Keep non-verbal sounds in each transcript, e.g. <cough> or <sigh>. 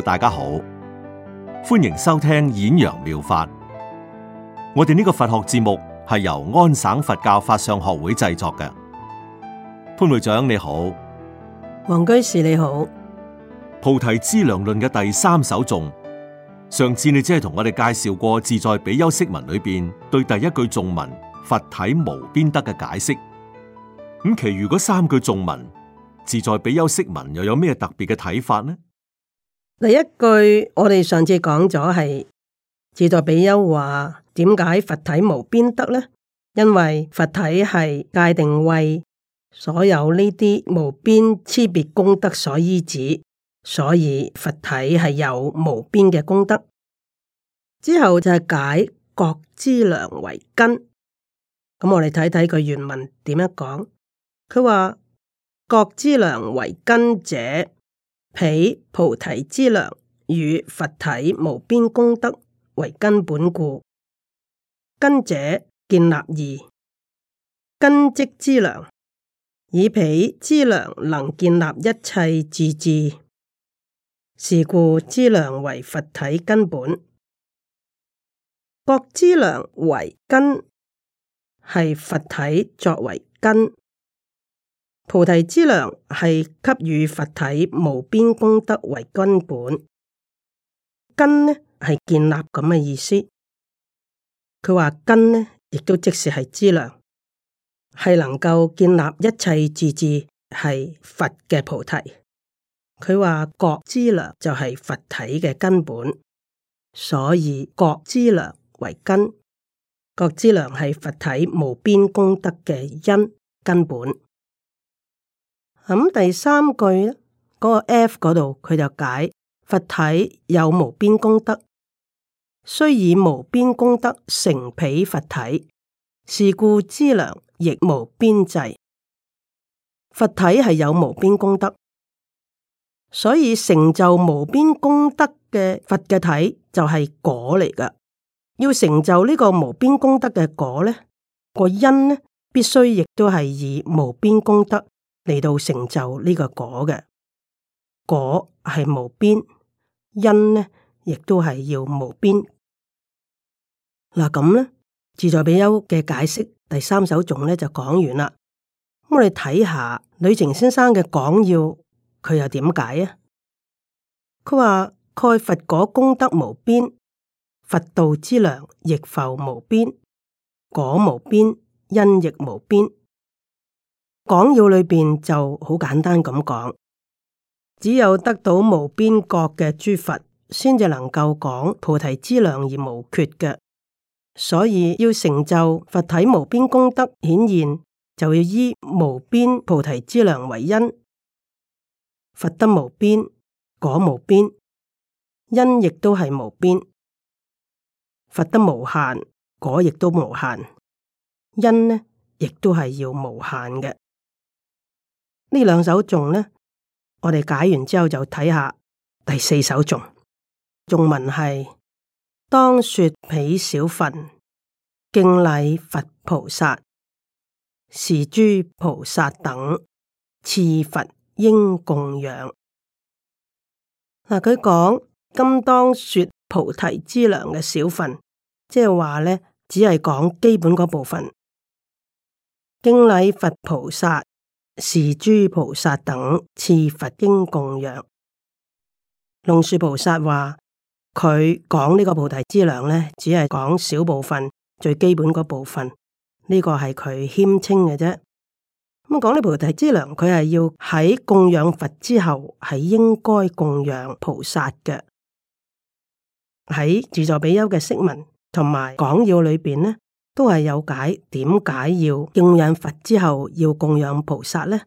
大家好，歡迎收聽演揚妙妙法。我哋呢個佛學節目係由安省佛教法相學會製作嘅。潘會長你好，黃居士你好。菩提資糧論嘅第三首頌，上次你只係同我哋介紹過自在比丘釋文裏邊對第一句頌文佛體無邊德嘅解釋。咁其餘嗰三句頌文，自在比丘釋文又有咩特別嘅睇法呢？第一句我哋上次講咗係自在比丘話，點解佛體無邊德呢？因為佛體係界定為所有呢啲無邊差別功德所依止，所以佛體係有無邊嘅功德。之後就係解覺之良為根，咁我哋睇睇佢原文點樣講。佢話，覺之良為根者。彼菩提資糧與佛體無邊功德為根本故，根者建立義。根即資糧，以彼資糧能建立一切自治。是故資糧為佛體根本。各資糧為根，係佛體作為根。菩提資糧係給予佛體無邊功德為根本，根呢係建立咁嘅意思。佢話根呢亦都即是係資糧，係能夠建立一切智智，係佛嘅菩提。佢話覺資糧就係佛體嘅根本，所以覺資糧為根，覺資糧係佛體無邊功德嘅因根本。咁第三句咧，嗰、個 F 嗰度佢就解佛體有無邊功德，雖以無邊功德成彼佛體，是故知量亦無邊際。佛體係有無邊功德，所以成就無邊功德嘅佛嘅體就係果嚟噶。要成就呢個無邊功德嘅果咧，個因咧必須亦都係以無邊功德。嚟到成就呢個果嘅，果係無邊，因呢亦都係要無邊。嗱、啊、咁呢自在比丘嘅解釋第三首頌呢就講完啦。咁我哋睇下呂澄先生嘅講要，佢又點解啊？佢話蓋佛果功德無邊，佛道資糧亦復無邊，果無邊，因亦無邊。講要裏邊就好簡單咁講，只有得到無邊覺嘅諸佛，先至能夠講菩提之量而無缺嘅。所以要成就佛體無邊功德顯現，就要依無邊菩提之量為因。佛得無邊果無邊，因亦都係無邊。佛得無限果亦都無限，因呢亦都係要無限嘅。呢兩首頌呢，我哋解完之後就睇下第四首頌。頌文係當說彼小分，敬禮佛菩薩，是諸菩薩等次佛應供養。嗱，佢講今當說菩提之糧嘅小分，即係話呢，只係講基本嗰部分。敬禮佛菩薩。是諸菩薩等賜佛經供養，龍樹菩薩話：佢講呢個菩提資糧呢，只係講小部分，最基本嗰部分，呢、這個係佢謙稱嘅啫。咁講呢菩提資糧，佢係要喺供養佛之後，係應該供養菩薩嘅。喺《自在比丘》嘅釋文同埋講要裏邊呢？都係有解，點解要敬仰佛之後要供養菩薩呢？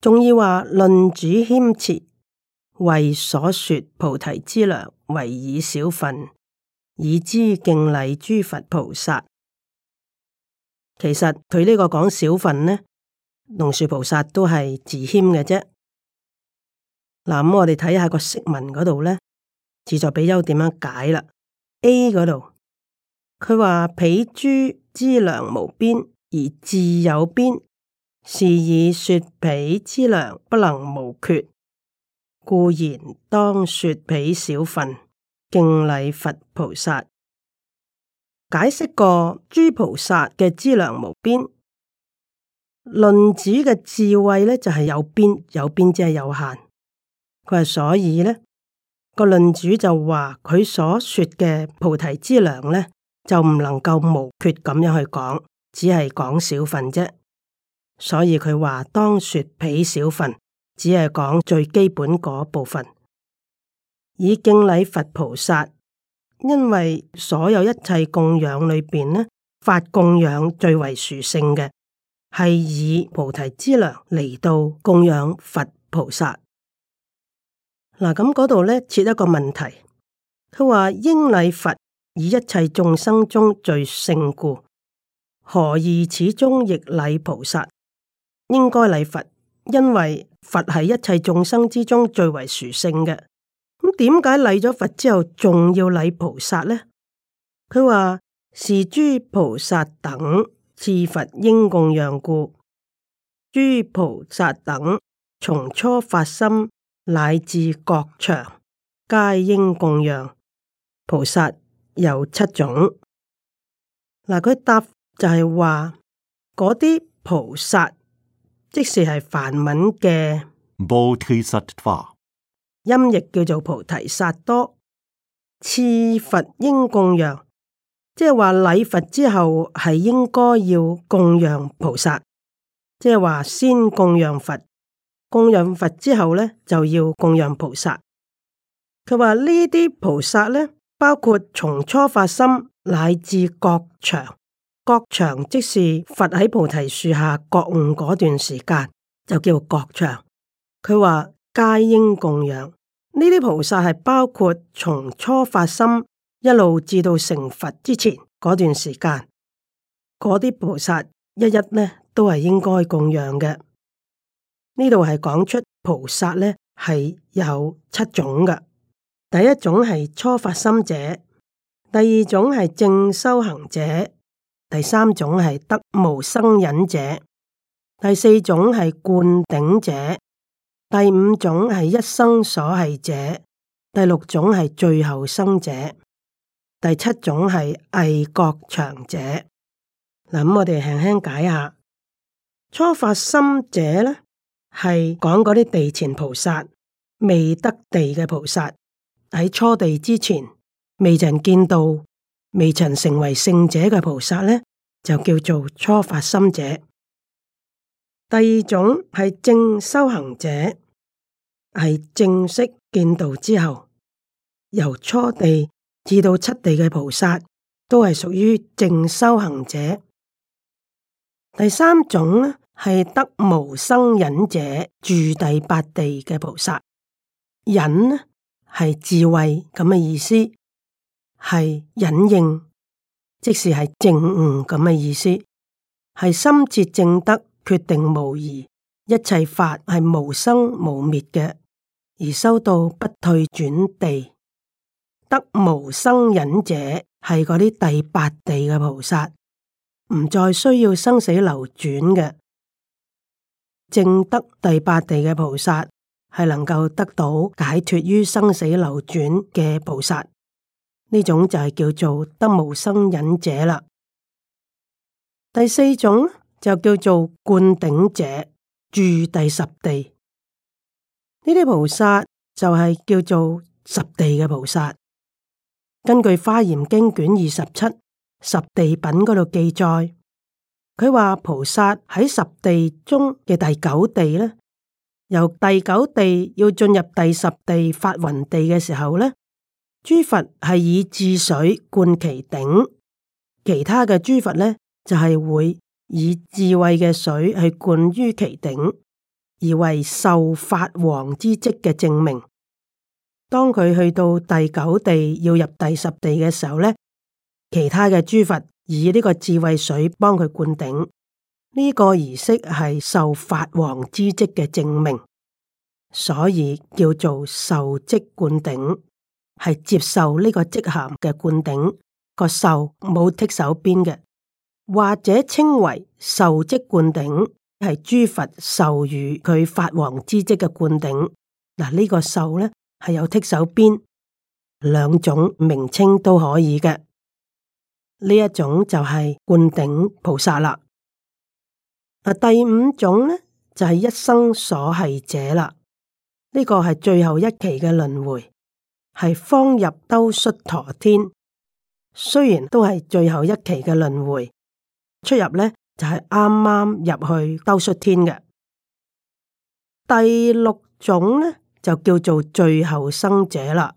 仲要話論主謙切，為所說菩提之略，為以小份以知敬禮諸佛菩薩。其實佢呢個講小份呢，龍樹菩薩都係自謙嘅啫。嗱，咁我哋睇下個釋文嗰度咧，自在比丘點樣解啦？A 嗰度。佢話彼諸之量無邊而智有邊，是以說彼之量不能無缺，故然當說彼少分，敬禮佛菩薩。解釋過諸菩薩嘅之量無邊，論主嘅智慧呢就係有邊，有邊即係有限。佢話所以呢個論主就話佢所說嘅菩提之量呢。」就唔能夠無缺，咁樣去講，只係講小份啫。所以佢話當說彼小份，只係講最基本嗰部分。以敬禮佛菩薩，因為所有一切供養裏邊呢，法供養最為殊勝嘅，係以菩提之糧嚟到供養佛菩薩。嗱，咁嗰度呢，設一個問題，佢話應禮佛。以一切眾生中最勝故，何以始終亦禮菩薩？應該禮佛，因為佛係一切眾生之中最為殊勝嘅。咁點解禮咗佛之後，仲要禮菩薩呢？佢話是諸菩薩等賜佛應供養故，諸菩薩等從初發心乃至覺場，皆應供養菩薩。有七種嗱，佢、啊、答就係話嗰啲菩薩，即使係梵文嘅菩提薩埵，音譯叫做菩提薩多，次佛應供養，即係話禮佛之後係應該要供養菩薩，即係話先供養佛，供養佛之後咧就要供養菩薩。佢話呢啲菩薩咧。包括從初發心乃至覺場，覺場即是佛喺菩提樹下覺悟嗰段時間，就叫覺場。佢話皆應供養呢啲菩薩係包括從初發心一路至到成佛之前嗰段時間，嗰啲菩薩一一呢都係應該供養嘅。呢度係講出菩薩呢係有七種嘅。第一種係初發心者，第二種係正修行者，第三種係得無生忍者，第四種係灌頂者，第五種係一生所繫者，第六種係最後生者，第七種係魏國長者。嗱，咁我哋輕輕解下。初發心者咧，係講嗰啲地前菩薩未得地嘅菩薩。喺初地之前，未曾見到、未曾成為聖者嘅菩薩呢，就叫做初發心者。第二種係正修行者，係正式見到之後，由初地至到七地嘅菩薩，都係屬於正修行者。第三種呢係得無生忍者，住第八地嘅菩薩。忍呢。係智慧咁嘅意思，係隱認，即使是係正悟咁嘅意思，係深切正德，決定無疑，一切法係無生無滅嘅，而修到不退轉地，得無生忍者，係嗰啲第八地嘅菩薩，唔再需要生死流轉嘅。正德第八地嘅菩薩。係能夠得到解脫於生死流轉嘅菩薩，呢種就係叫做得無生忍者啦。第四種就叫做灌頂者，住第十地。呢啲菩薩就係叫做十地嘅菩薩。根據《華嚴經卷二十七十地品》嗰度記載，佢話菩薩喺十地中嘅第九地咧。由第九地要進入第十地法雲地嘅時候咧，諸佛係以智水灌其頂，其他嘅諸佛咧就係、是、會以智慧嘅水去灌於其頂，而為受法王之職嘅證明。當佢去到第九地要入第十地嘅時候咧，其他嘅諸佛以呢個智慧水幫佢灌頂。呢個儀式係受法王之職嘅證明，所以叫做受職灌頂，係接受呢個職銜嘅灌頂。個受冇剔手邊嘅，或者稱為受職灌頂，係諸佛授予佢法王之職嘅灌頂。嗱，呢個受咧係有剔手邊，兩種名稱都可以嘅，呢一種就係灌頂菩薩啦。第五種咧就係、是、一生所繫者啦，呢、這個係最後一期嘅輪迴，係方入兜率陀天。雖然都係最後一期嘅輪迴，出入呢，就係啱啱入去兜率天嘅。第六種呢，就叫做最後生者啦，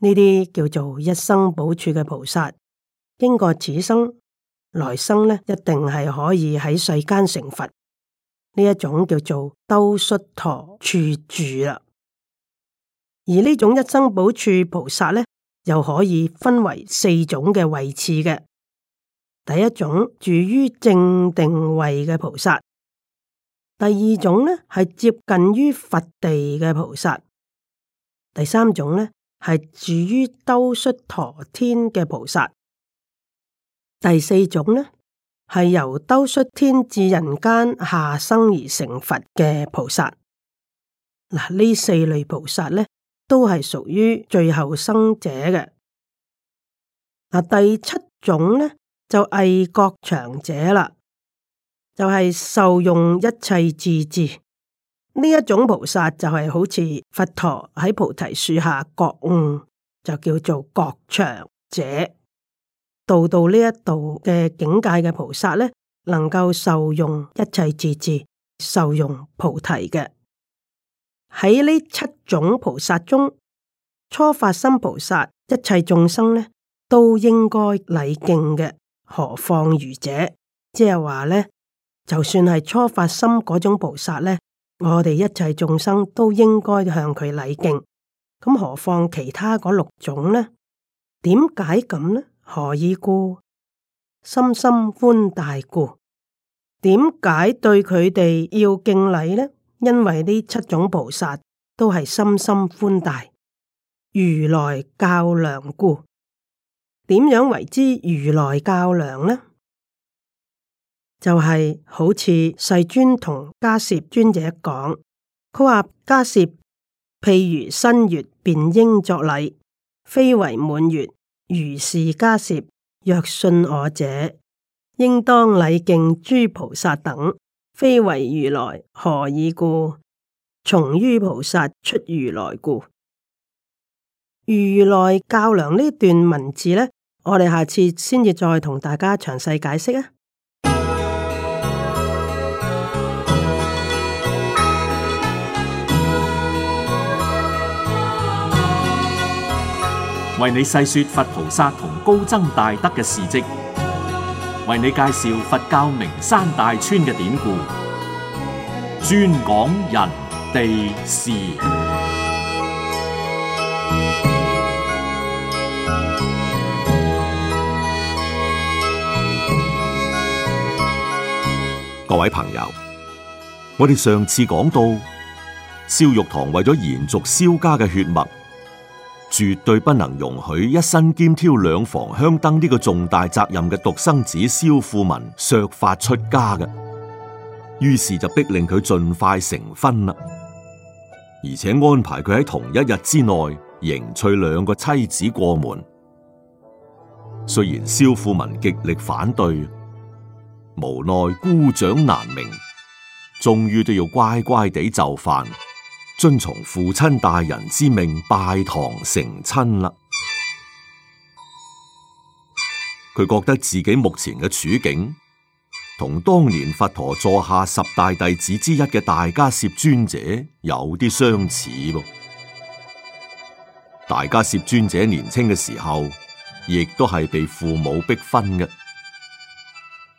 呢啲叫做一生補處嘅菩薩，經過此生。來生呢，一定係可以喺世間成佛呢一種叫做兜率陀處住啦。而呢種一生補處菩薩呢，又可以分為四種嘅位置。嘅。第一種住於正定位嘅菩薩，第二種呢係接近於佛地嘅菩薩，第三種呢係住於兜率陀天嘅菩薩。第四種呢，係由兜率天至人間下生而成佛嘅菩薩。嗱，呢四類菩薩咧，都係屬於最後生者嘅。嗱，第七種咧，就異、是、覺場者啦，就係、是、受用一切智智呢一種菩薩，就係好似佛陀喺菩提樹下覺悟，就叫做覺場者。度到呢一度嘅境界嘅菩薩咧，能夠受用一切智智，受用菩提嘅。喺呢七種菩薩中，初發心菩薩一切眾生咧都應該禮敬嘅，何況愚者？即係話咧，就算係初發心嗰種菩薩咧，我哋一切眾生都應該向佢禮敬。咁何況其他嗰六種咧？點解咁咧？何以故？心心寬大故。點解對佢哋要敬禮呢？因為呢七種菩薩都係心心寬大。如來較量故。點樣為之如來較量呢？就係、是、好似世尊同迦葉尊者講，佢話迦葉，譬如新月便應作禮，非為滿月。如是迦葉，若信我者，應當禮敬諸菩薩等，非為如來。何以故？從於菩薩出如來故。如來教良呢段文字呢，我哋下次先至再同大家詳細解釋啊。為你細說佛菩薩同高僧大德嘅事跡，為你介紹佛教名山大川嘅典故，專講人地事。各位朋友，我哋上次講到，蕭玉堂為咗延續蕭家嘅血脈。絕對不能容許一身兼挑兩房香燈呢個重大責任嘅獨生子蕭富民削髮出家嘅，於是就逼令佢盡快成婚啦，而且安排佢喺同一日之內迎娶兩個妻子過門。雖然蕭富民極力反對，無奈孤掌難鳴，終於都要乖乖地就範。遵從父親大人之命，拜堂成親啦！佢覺得自己目前嘅處境，同當年佛陀座下十大弟子之一嘅大迦葉尊者有啲相似。大迦葉尊者年輕嘅時候，亦都係被父母逼婚嘅。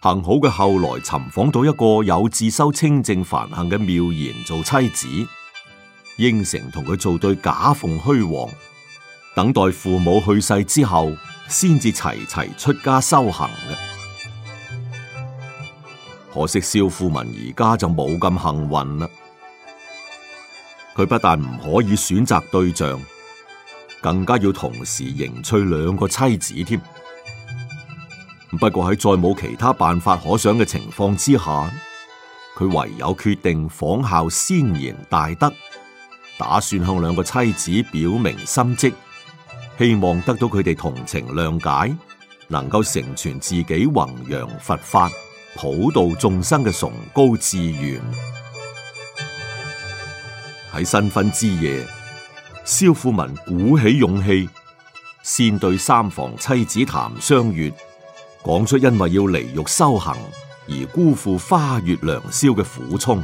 幸好佢後來尋訪到一個有自修清淨梵行嘅妙賢做妻子。應承同佢做對假鳳虛凰，等待父母去世之後，先至齊齊出家修行嘅。可惜少富民而家就冇咁幸運啦。佢不但唔可以選擇對象，更加要同時迎娶兩個妻子添。不過喺再冇其他辦法可想嘅情況之下，佢唯有決定仿效先賢大德。打算向兩個妻子表明心迹，希望得到佢哋同情諒解，能夠成全自己弘揚佛法、普度眾生嘅崇高志願。喺 <noise> 新婚之夜，蕭富民鼓起勇氣，先對三房妻子談相悅，講出因為要離欲修行而辜負花月良宵嘅苦衷。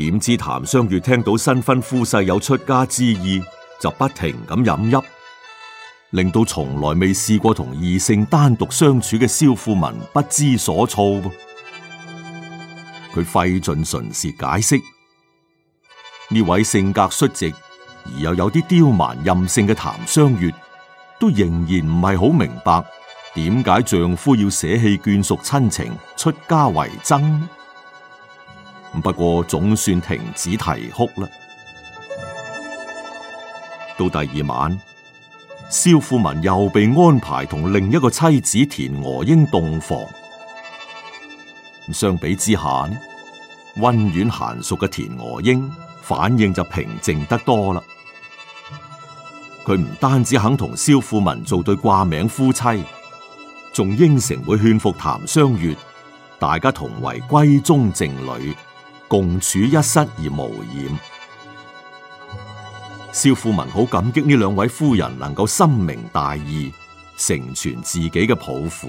點知譚湘月聽到新婚夫婿有出家之意，就不停咁飲泣，令到從來未試過同異性單獨相處嘅蕭富民不知所措。佢費盡唇舌解釋，呢位性格率直而又有啲刁蠻任性嘅譚湘月，都仍然唔係好明白點解丈夫要捨棄眷屬親情出家為僧。不過總算停止啼哭啦。到第二晚，蕭富民又被安排同另一個妻子田娥英洞房。相比之下，溫婉嫻熟嘅田娥英反應就平靜得多啦。佢唔單止肯同蕭富民做對掛名夫妻，仲應承會勸服譚雙月，大家同為閨中靜女。共處一室而無染，蕭富民好感激呢兩位夫人能夠深明大義，成全自己嘅抱負，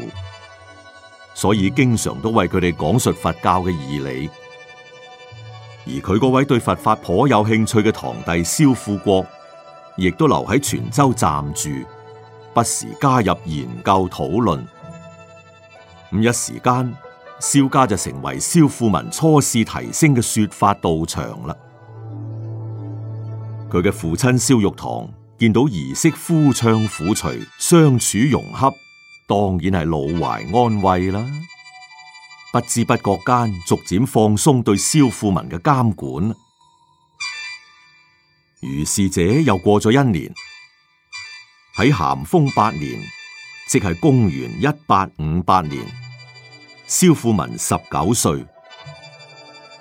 所以經常都為佢哋講述佛教嘅義理。而佢嗰位對佛法頗有興趣嘅堂弟蕭富國，亦都留喺泉州暫住，不時加入研究討論。五一時間。蕭家就成為蕭富民初試提升嘅說法道場啦。佢嘅父親蕭玉堂見到兒媳夫唱婦隨相處融洽，當然係老懷安慰啦。不知不覺間，逐漸放鬆對蕭富民嘅監管。如是者又過咗一年，喺咸豐八年，即係公元一八五八年。肖富民十九歲，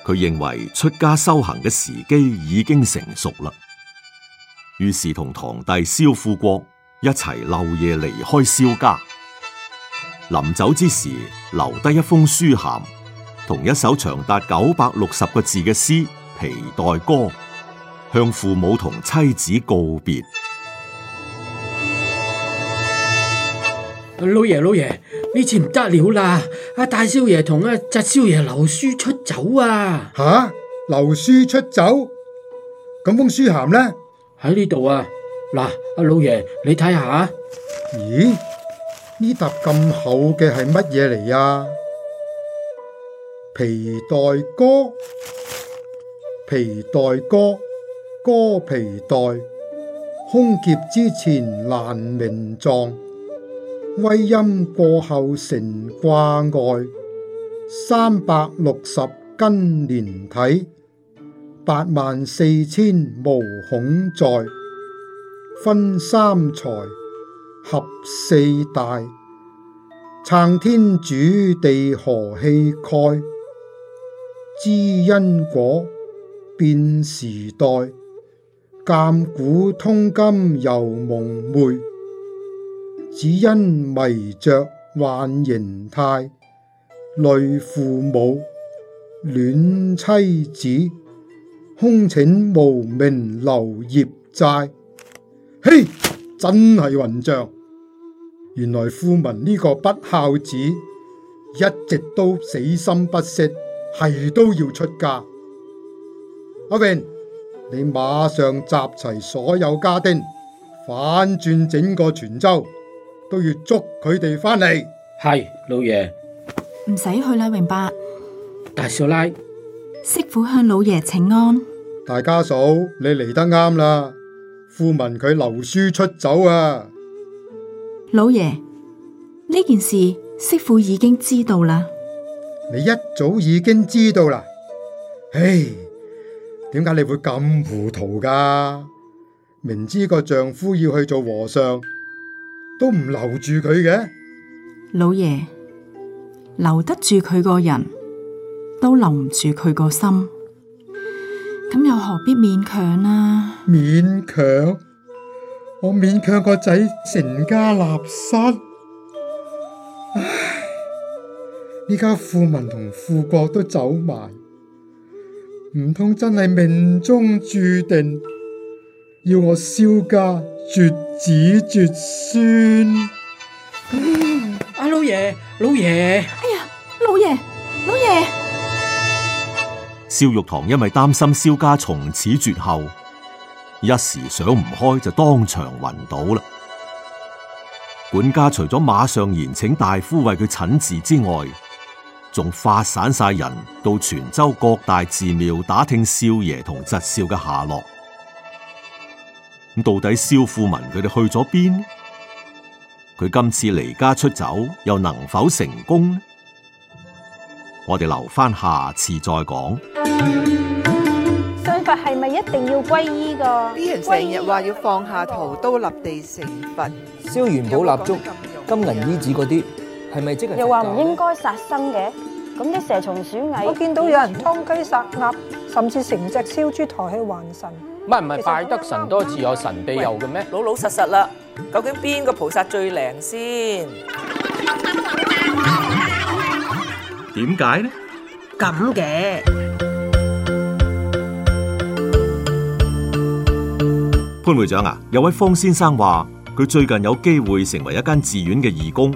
佢認為出家修行嘅時機已經成熟啦，於是同堂弟肖富國一齊漏夜離開肖家。臨走之時，留低一封書函，同一首長達九百六十個字嘅詩《皮袋歌》，向父母同妻子告別。老爺，老爺。呢次唔得了啦！阿大少爺同阿侄少爺留書出走啊！吓、啊，留書出走，咁封書函呢？喺呢度啊！嗱，阿老爺你睇下！咦，呢沓咁厚嘅係乜嘢嚟啊？皮袋歌，皮袋歌，歌皮袋，空劫之前難名狀。威音過後成卦外，三百六十根連體，八萬四千毛孔在，分三才合四大，撐天主地何氣概，知因果辨時代，鑒古通今猶蒙昧。只因迷着幻形態，累父母，戀妻子，空請無名留業債。嘿，真係混賬！原來富民呢個不孝子，一直都死心不息，係都要出家。阿榮，你馬上集齊所有家丁，反轉整個泉州。都要捉佢哋翻嚟，係老爺唔使去啦，榮伯，大少奶，媳婦向老爺請安。大家嫂，你嚟得啱啦，富文佢留書出走啊！老爺，呢件事媳婦已經知道啦。你一早已經知道啦，唉，點解你會咁糊塗噶？明知個丈夫要去做和尚。都唔留住佢嘅？老爺，留得住佢個人，都留唔住佢個心，咁又何必勉強呢？勉強？我勉強個仔成家立室，唉，而家富民同富國都走埋，唔通真係命中注定？要我蕭家絕子絕孫？阿老爺，老爺，老爺哎呀，老爺，老爺！蕭玉堂因為擔心蕭家從此絕後，一時想唔開就當場暈倒啦。管家除咗馬上延請大夫為佢診治之外，仲發散晒人到泉州各大寺廟打聽少爺同侄少嘅下落。咁到底蕭富民佢哋去咗邊？佢今次離家出走又能否成功呢？我哋留翻，下下次再講。信佛係咪一定要皈依噶？成日話要放下屠刀立地成佛，燒元寶蠟燭、金銀衣紙嗰啲，係咪即係？又話唔應該殺生嘅，咁啲蛇蟲鼠蟻，我見到有人劏雞殺鴨，甚至成隻燒豬抬去還神。唔係唔係，拜得神多自有神庇佑嘅咩？老老實實啦，究竟邊個菩薩最靚先？點解咧？咁嘅潘會長啊，有位方先生話佢最近有機會成為一間寺院嘅義工，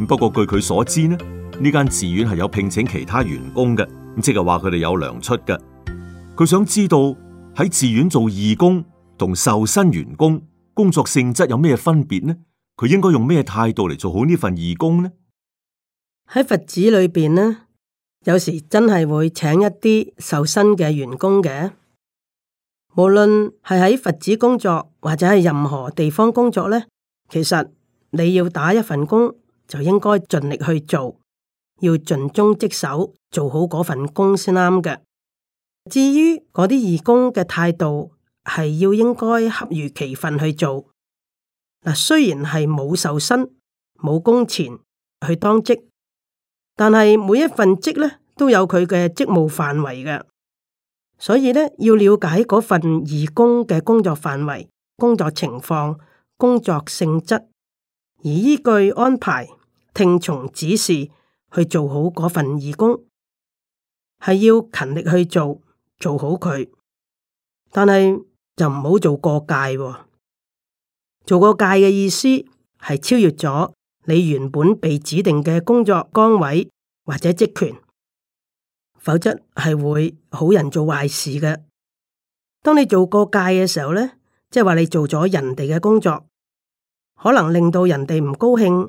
咁不過據佢所知呢，呢間寺院係有聘請其他員工嘅，咁即係話佢哋有糧出嘅，佢想知道。喺寺院做義工同受薪員工工作性質有咩分別呢？佢應該用咩態度嚟做好呢份義工呢？喺佛寺裏邊呢，有時真係會請一啲受薪嘅員工嘅。無論係喺佛寺工作或者係任何地方工作咧，其實你要打一份工就應該盡力去做，要盡忠職守做好嗰份工先啱嘅。至於嗰啲義工嘅態度，係要應該恰如其分去做。嗱，雖然係冇受薪、冇工錢去當職，但係每一份職咧都有佢嘅職務範圍嘅，所以咧要了解嗰份義工嘅工作範圍、工作情況、工作性質，而依據安排、聽從指示去做好嗰份義工，係要勤力去做。做好佢，但係就唔好做過界喎。做過界嘅意思係超越咗你原本被指定嘅工作崗位或者職權，否則係會好人做壞事嘅。當你做過界嘅時候咧，即係話你做咗人哋嘅工作，可能令到人哋唔高興，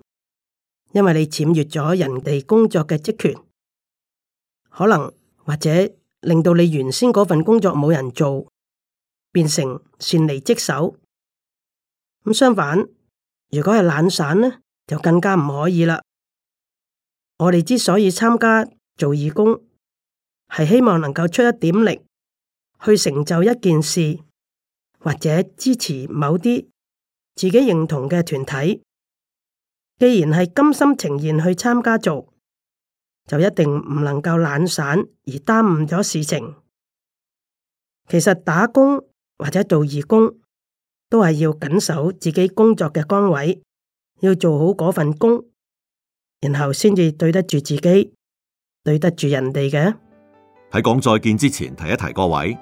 因為你僭越咗人哋工作嘅職權，可能或者。令到你原先嗰份工作冇人做，變成擅離職守。咁相反，如果係懶散呢，就更加唔可以啦。我哋之所以參加做義工，係希望能夠出一點力去成就一件事，或者支持某啲自己認同嘅團體。既然係甘心情願去參加做。就一定唔能夠懶散而耽誤咗事情。其實打工或者做義工都係要謹守自己工作嘅崗位，要做好嗰份工，然後先至對得住自己，對得住人哋嘅。喺講再見之前，提一提各位，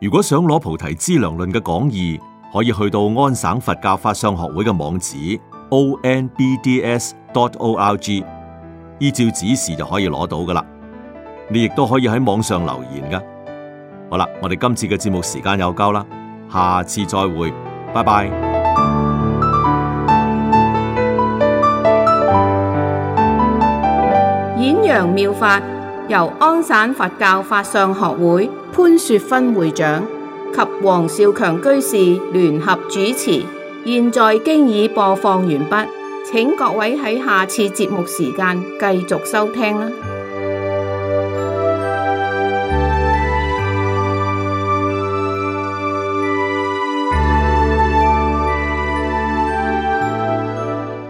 如果想攞菩提資糧論嘅講義，可以去到安省佛教法相學會嘅網址 o n b d s dot o r g。依照指示就可以攞到噶啦，你亦都可以喺網上留言噶。好啦，我哋今次嘅節目時間有夠啦，下次再會，拜拜。演揚妙法由安省佛教法相學會潘雪芬會長及黃少強居士聯合主持，現在經已播放完畢。請各位喺下次節目時間繼續收聽啦。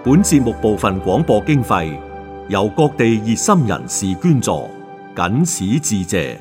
本節目部分廣播經費由各地熱心人士捐助，謹此致謝。